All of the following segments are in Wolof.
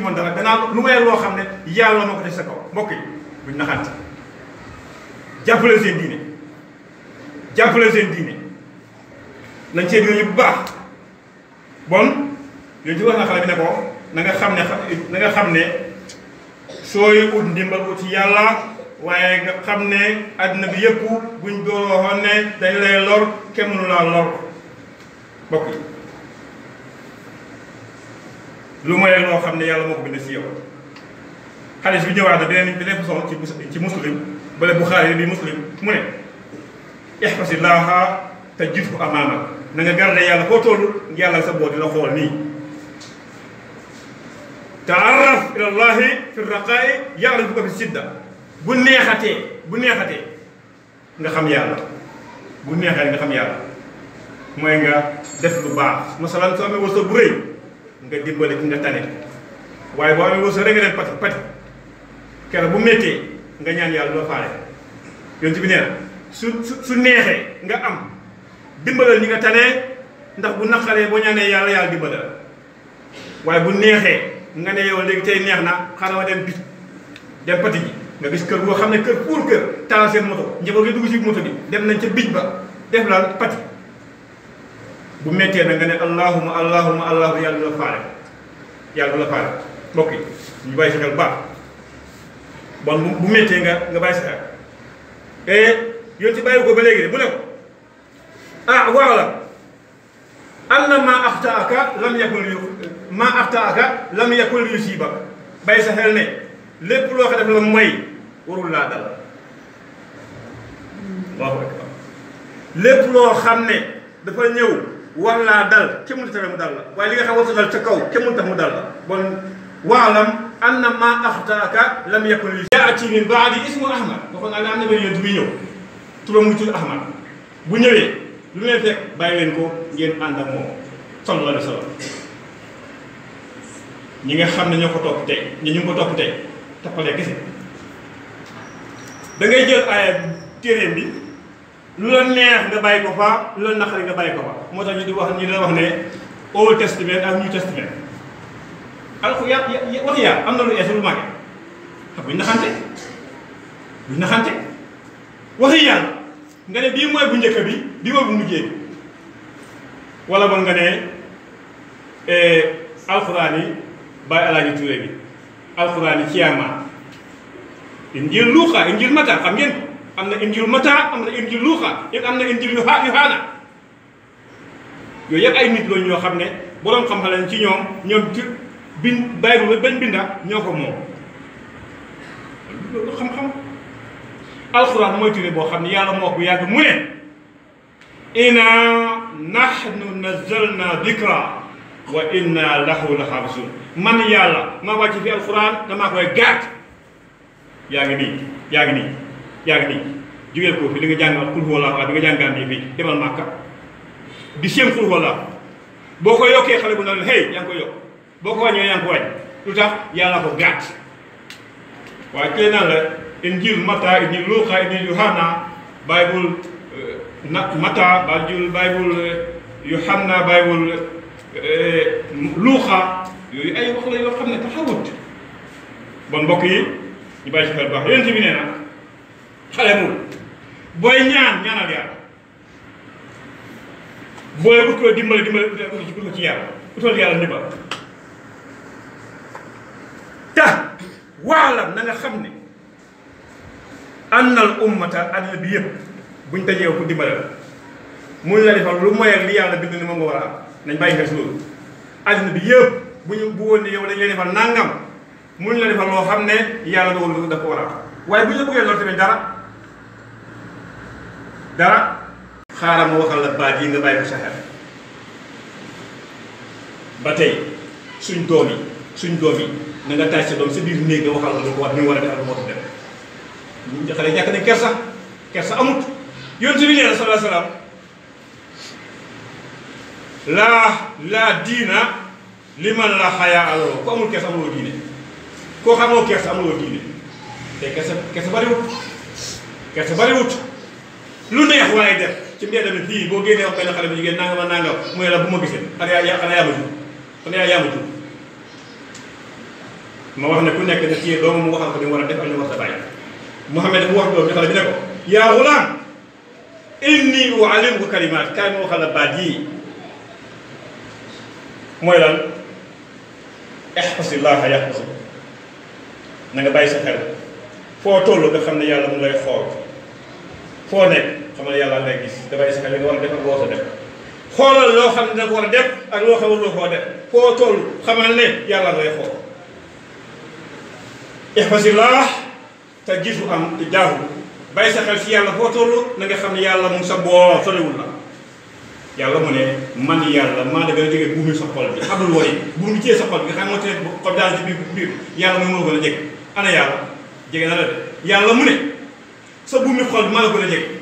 ci man dara danaa lu may loo xam ne yàlla moo ko def sa kaw mbokk yi buñ naxante jàppale seen diine jàppale seen diine nañ cee dina ñu bu baax bon yooyu ci wax na xale bi ne ko na xam ne na xam ne sooy ut ndimbal ut ci yàlla waaye nga xam ne àddina bi yëpp buñ doon ne dañ lay lor kenn mënu laa lor mbokk lu mooy loo xam ne yàlla moo ko bind si yow xaalis bi ñëwaat na beneen beneen façon ci ci muslim bale Buxaari bi muslim mu ne ihfazillaaha tajidhu amaamak na nga garde yàlla foo toll yàlla sa boot di la xool nii taarraf ilallahi fi raqaa'i ya'rifuka fi sidda bu neexatee bu neexatee nga xam yàlla bu neexee nga xam yàlla mooy nga def lu baax masalan soo amee wërsëg bu rëy nga dimbale ci nga tane waaye boo amee wërsëg rek nga dem pati pati keroog bu méttee nga ñaan yàlla loo faale yonent bi nee na su su neexee nga am dimbalal ñi nga tanee ndax bu naqaree boo ñaanee yàlla yàlla dimbale la waaye bu neexee nga ne yow léegi tey neex na xaaral ma dem bit dem pati ji nga gis kër boo xam ne kër pour kër taal seen moto njaboot gi dugg ci moto bi dem nañ ca bij ba def laal pati bu méttee na nga ne allahuma allahuma allahuma yàlla du la faale yàlla du la faale mbokk ñu bàyyi si xel baax bon bu méttee nga nga bàyyi si xel et eh, ci bàyyi ko ba léegi de bu ne ko ah waaw la anna maa axtaaka lam yakul yu maa axtaaka lam yakul yu siiba bàyyi sa xel ne lépp loo ko def la mooy warul laa dal lépp loo xam ne dafa ñëw war laa dal ca mun tax mu dal la waaye li nga xam warta dal ca kaw ca mun tax mu dal la bon waalam anna ma axtaaka lam yakun li yaati min baadi ismu ahmad waxoon naa ne am na benn yonent bi ñëw turam mu tudd ahmad bu ñëwee lu leen fekk bàyyi leen ko ngeen ànd ak moom sallallahu alayhi wa ñi nga xam ne ñoo ko topp tey ñi ñu ko topp tey tappalee kese da jël aaya téeréem bi lu la neex nga bàyyi ko fa lu la naqari nga bàyyi ko fa moo tax ñu di wax ñu la wax ne Old Testament ak New Testament alxu ya wax am na lu ees lu màgge xam buñ naxante buñ naxante waxi nga ne bii mooy bu njëkk bi bii mooy bu mujjee bi wala bon nga ne eh, alxuraan yi bàyyi alaaji Tuure bi alxuraan yi ci yaamaa injil Luuxa injil Matta xam ngeen am na injil Mata am na injil Luuxa am na injil Yohaana yooyu yëpp ay nit lañ ñoo xam ne boroom xam-xam lañ ci ñoom ñoom bin bàyyi ba bañ binda ñoo ko moom loolu xam-xam alxuraan mooy téere boo xam ne yàlla moo ko bu yàgg mu ne inna nahnu nazzalna dikra wa inna lahu la xaafisuun man yàlla ma wàcc fi alxuraan damaa koy gàtt yaa ngi nii yaa ngi nii yaa nii jugee ko fi li nga jàngal xul wala waaye bi nga jàngal nii fii demal màkka di séem xul wala boo ko yokkee xale bu ndaw la hey yaa ngi yokk boo ko wàññee yaa ngi ko wàññ lu tax yàlla ko gàtt waaye kii naan la injil mata injil luuxa injil eh, na mata eh, eh, yooyu ay wax la yoo xam ne taxawut bon mbokk yi ñu bàyyi si xel baax yéen bi nee na xale moom booy ñaan ñaanal yàlla booy ut ko dimbali dimbali ut ci yàlla utal yàlla ndimbal tax waalam na nga xam ne annal ummata àddina bi yëpp buñ dajee ko dimbale la mun la defal lu moy ak li yàlla bind ni moom nga war nañ bàyyi xel si loolu àddina bi yëpp bu ñu bu woon ne yow dañ lay defal nangam mun la defal loo xam ne yàlla dogal daf ko war waaye bu ñu la bëggee loolu tamit dara dara xaaral ma waxal la baat yi nga bàyyi ko sa xel ba tey suñ doom yi suñ doom yi na taaj sa doom sa biir néeg nga waxal la lu ko war ni war a def ak lu def ñu xale bi nee na sallallahu laa laa diina liman la xayaa aloo ku amul kersa amuloo diine koo xamoo kersa amuloo diine te kersa bariwut kersa bariwut lu neex waaye def ci mbedd mi fii boo génnee wax benn xale bu jigéen nangama nangam mu la bu ma gisee xale yaa ya, xale yaa ma jub xale yaa yaa ma jub ma wax ne ku nekk da téye doomu mu waxal ko ni war a def ak ni war a bàyyi Mouhamed mu wax doom ci xale bi ne ko yaa gulaam inni uallimuka kalimaat kaay ma waxal la baat yii mooy lan ihfasillaha yahfasu na nga bàyyi sa xel foo toll nga xam ne yàlla mu lay xool foo nekk xamal yàlla ngay gis dafay sax li nga war a def ak woo sa def xoolal loo xam ne danga ko war a def ak loo xam ne loo koo def foo toll xamal ne yàlla ngay xool ihfasillah te gisu am jaaxul bàyyi sa xel si yàlla foo toll na nga xam ne yàlla mu sa boor soriwul la yàlla mu ne man yàlla maa da a jege buumi sa xol bi a jege ana yàlla jege na la yàlla mu ne sa buumi xol bi maa la a jege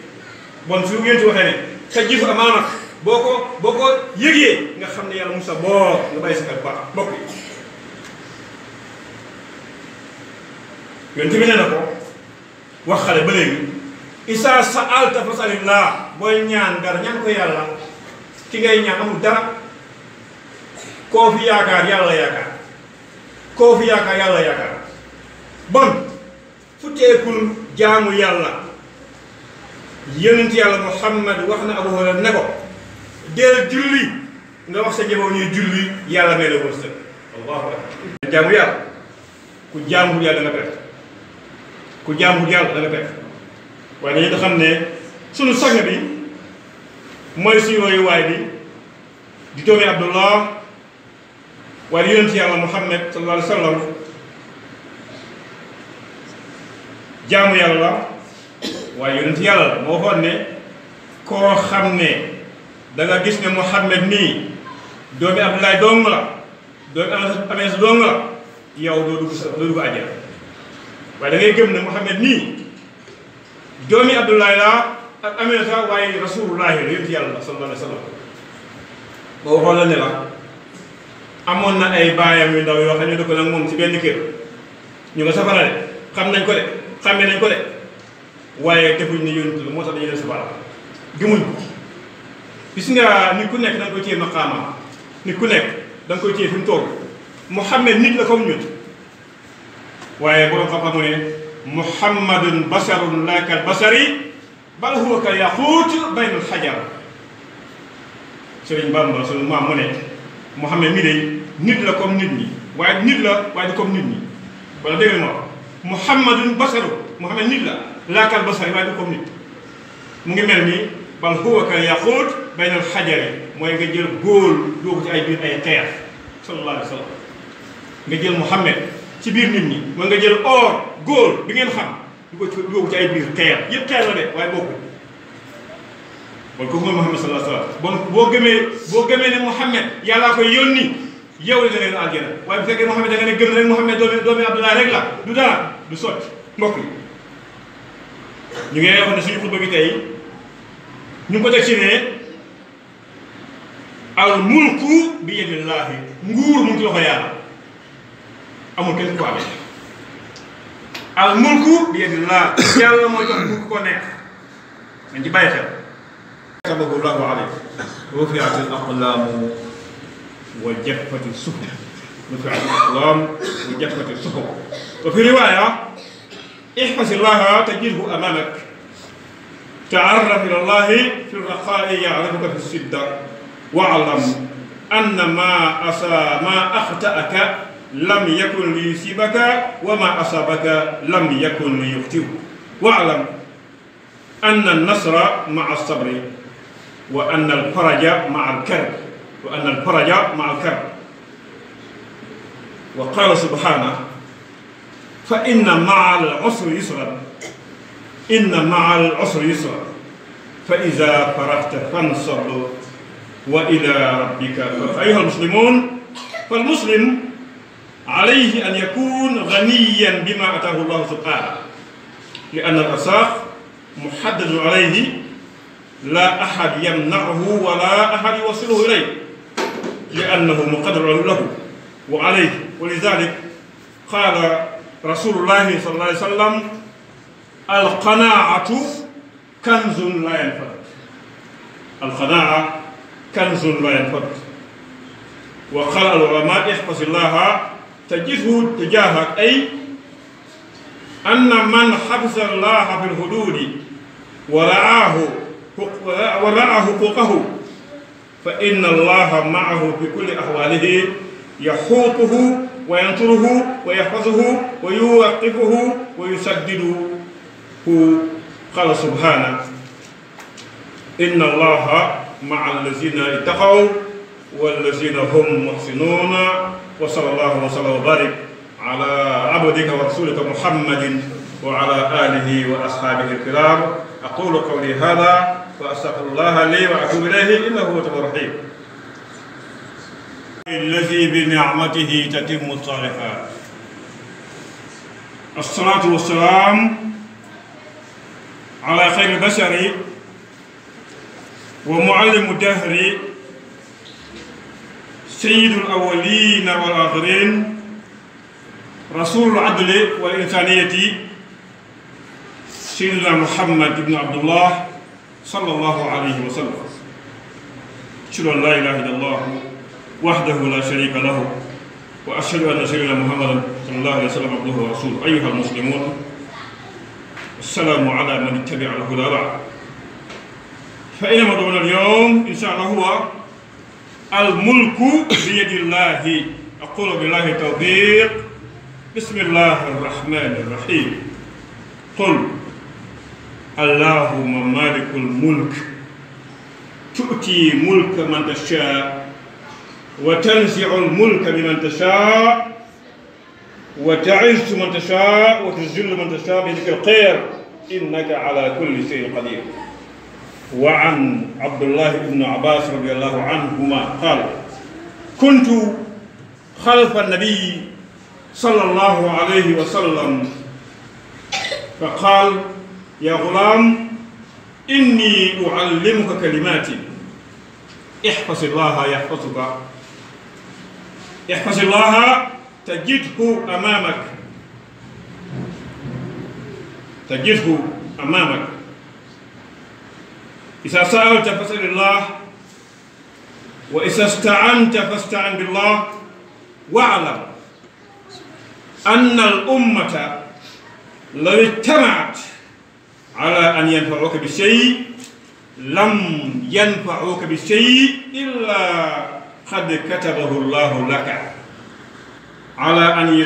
bon su ngeen ci waxee ne sa jëf amaana boo ko boo ko yëgee nga xam ne yàlla musa boor nga bàyyi sa xel baax bokk yi yonent bi nee na ko wax xale ba léegi isaa sa alta fasalillah booy ñaan dara ñaan ko yàlla ki ngay ñaan amul dara koo fi yaakaar yàlla yaakaar koo fi yaakaar yàlla yaakaar bon fu teekul jaamu yàlla yonent yàlla muhammad wax na abu hurayra ne ko deel julli nga wax sa jabar ñuy julli yàlla may la wërsëg allahu akbar jaamu yàlla ku jaamul yàlla da nga perte ku jaamul yàlla da nga perte waaye dañu da xam ne sunu sang bi mooy suñu royu waay bi di doomi abdullah waaye yonent yàlla muhammad sallallahu alayhi wa sallam jaamu yàlla waaye ci yàlla la moo waxoon ne koo xam ne da gis ne Muhammad nii doomi Abdoulaye dong la doomi Anas dong la yow doo dugg doo dugg àjjana waaye da ngay ne Muhammad nii doomi Abdoulaye la ak Aminata waaye rasulullahi la yonent yàlla la sallallahu alayhi wa sallam la ne la amoon na ay baayam yu ndaw yoo xam ne dëkk nag moom ci benn kër ñu nga safarale xam nañ ko de xàmmee nañ ko de waaye defuñ ne yonent la moo tax dañuy dem safara gëmuñ ko gis nga nit ku nekk da nga koy téye maqaama nit ku nekk da nga koy téye fi mu toog Muhammad nit la comme ñun waaye borom xam-xam mu ne Muhammadun basarun laa kal basari bal huwa ka yaquut baynal xajar Sëriñ Bamba sunu maam mu ne Muhammad mi de nit la comme nit ñi waaye nit la waaye du comme nit ñi wala dégg nga ma Muhammadun basaru Muhammad nit la. laakal basari waaye du comme nit mu ngi mel nii bal huwa kal yaxuut baynal xajari mooy nga jël góol doo ko ay biir ay xeer sallallahu alayhi wa sallam ci biir nit ñi mooy nga jël bi ngeen xam ko doo ko ci ay biir xeer yëpp xeer la de waaye bokku mooy kooku mooy Muhammad sallallahu alayhi wa sallam bon boo gëmee boo gëmee ne Muhammad yàllaa koy yónni yow li da ngeen àjjana waaye bu fekkee Muhammad da nga ne gëm rek Muhammad doomi doomi Abdullah rek la du dara du sotti mbokk yi ñu ngi wax ne suñu xutba gi tey ñu ngi ko teg ci ne al mulku bi yadillaahi nguur mu ngi ci loxo yàlla amul kenn ku amee al mulku bi yadillah yàlla mooy jox nguur ko neex nañ ci bàyyi xel tabagu llahu aleyk rufiat al aqlaamu wa jaffati suhuf rufiat al aqlaam wa jaffati suhuf wa fi riwaaya احفظ الله تجده أمامك تعرف إلى الله في الرخاء يعرفك في الشدة واعلم أن ما أسى ما أخطأك لم يكن ليصيبك وما أصابك لم يكن ليخطئك واعلم أن النصر مع الصبر وأن الفرج مع الكرب وأن الفرج مع الكرب وقال سبحانه فإن مع العسر يسرا إن مع العسر يسرا فإذا فرغت فانصر وإلى ربك أيها المسلمون فالمسلم عليه أن يكون غنيا بما أتاه الله سبحانه لأن الأرزاق محدد عليه لا أحد يمنعه ولا أحد يوصله إليه لأنه مقدر له وعليه ولذلك قال رسول الله صلى الله عليه وسلم القناعة كنز لا ينفد القناعة كنز لا ينفد وقال العلماء احفظ الله تجده تجاهك أي أن من حفظ الله في الحدود ورعاه ورعى حقوقه فإن الله معه في كل أحواله يحوطه وينصره ويحفظه ويوقفه ويسدده قال سبحانه إن الله مع الذين اتقوا والذين هم محسنون وصلى الله وسلم وبارك على عبدك ورسولك محمد وعلى آله وأصحابه الكرام أقول قولي هذا وأستغفر الله لي وأتوب إليه إنه هو الرحيم الذي بنعمته تتم الصالحات الصلاة والسلام على خير البشر ومعلم الدهر سيد الأولين والآخرين رسول العدل والإنسانية سيدنا محمد بن عبد الله صلى الله عليه وسلم أشهد أن لا إله إلا الله وحده لا شريك له وأشهد أن سيدنا محمدا صلى الله عليه وسلم عبده ورسوله أيها المسلمون السلام على من اتبع الهدى بعد فإن موضوعنا اليوم إن شاء الله هو الملك بيد الله أقول بالله التوفيق بسم الله الرحمن الرحيم قل اللهم مالك الملك تؤتي ملك من تشاء وتنزع الملك ممن تشاء وتعز من تشاء وتذل من تشاء بيدك الخير انك على كل شيء قدير وعن عبد الله بن عباس رضي الله عنهما قال كنت خلف النبي صلى الله عليه وسلم فقال يا غلام إني أعلمك كلماتي احفظ الله يحفظك احفظ الله تجده أمامك تجده أمامك إذا سألت فاسأل الله وإذا استعنت فاستعن بالله واعلم أن الأمة لو اجتمعت على أن ينفعوك بشيء لم ينفعوك بشيء إلا xad katabahu llahu laka ala an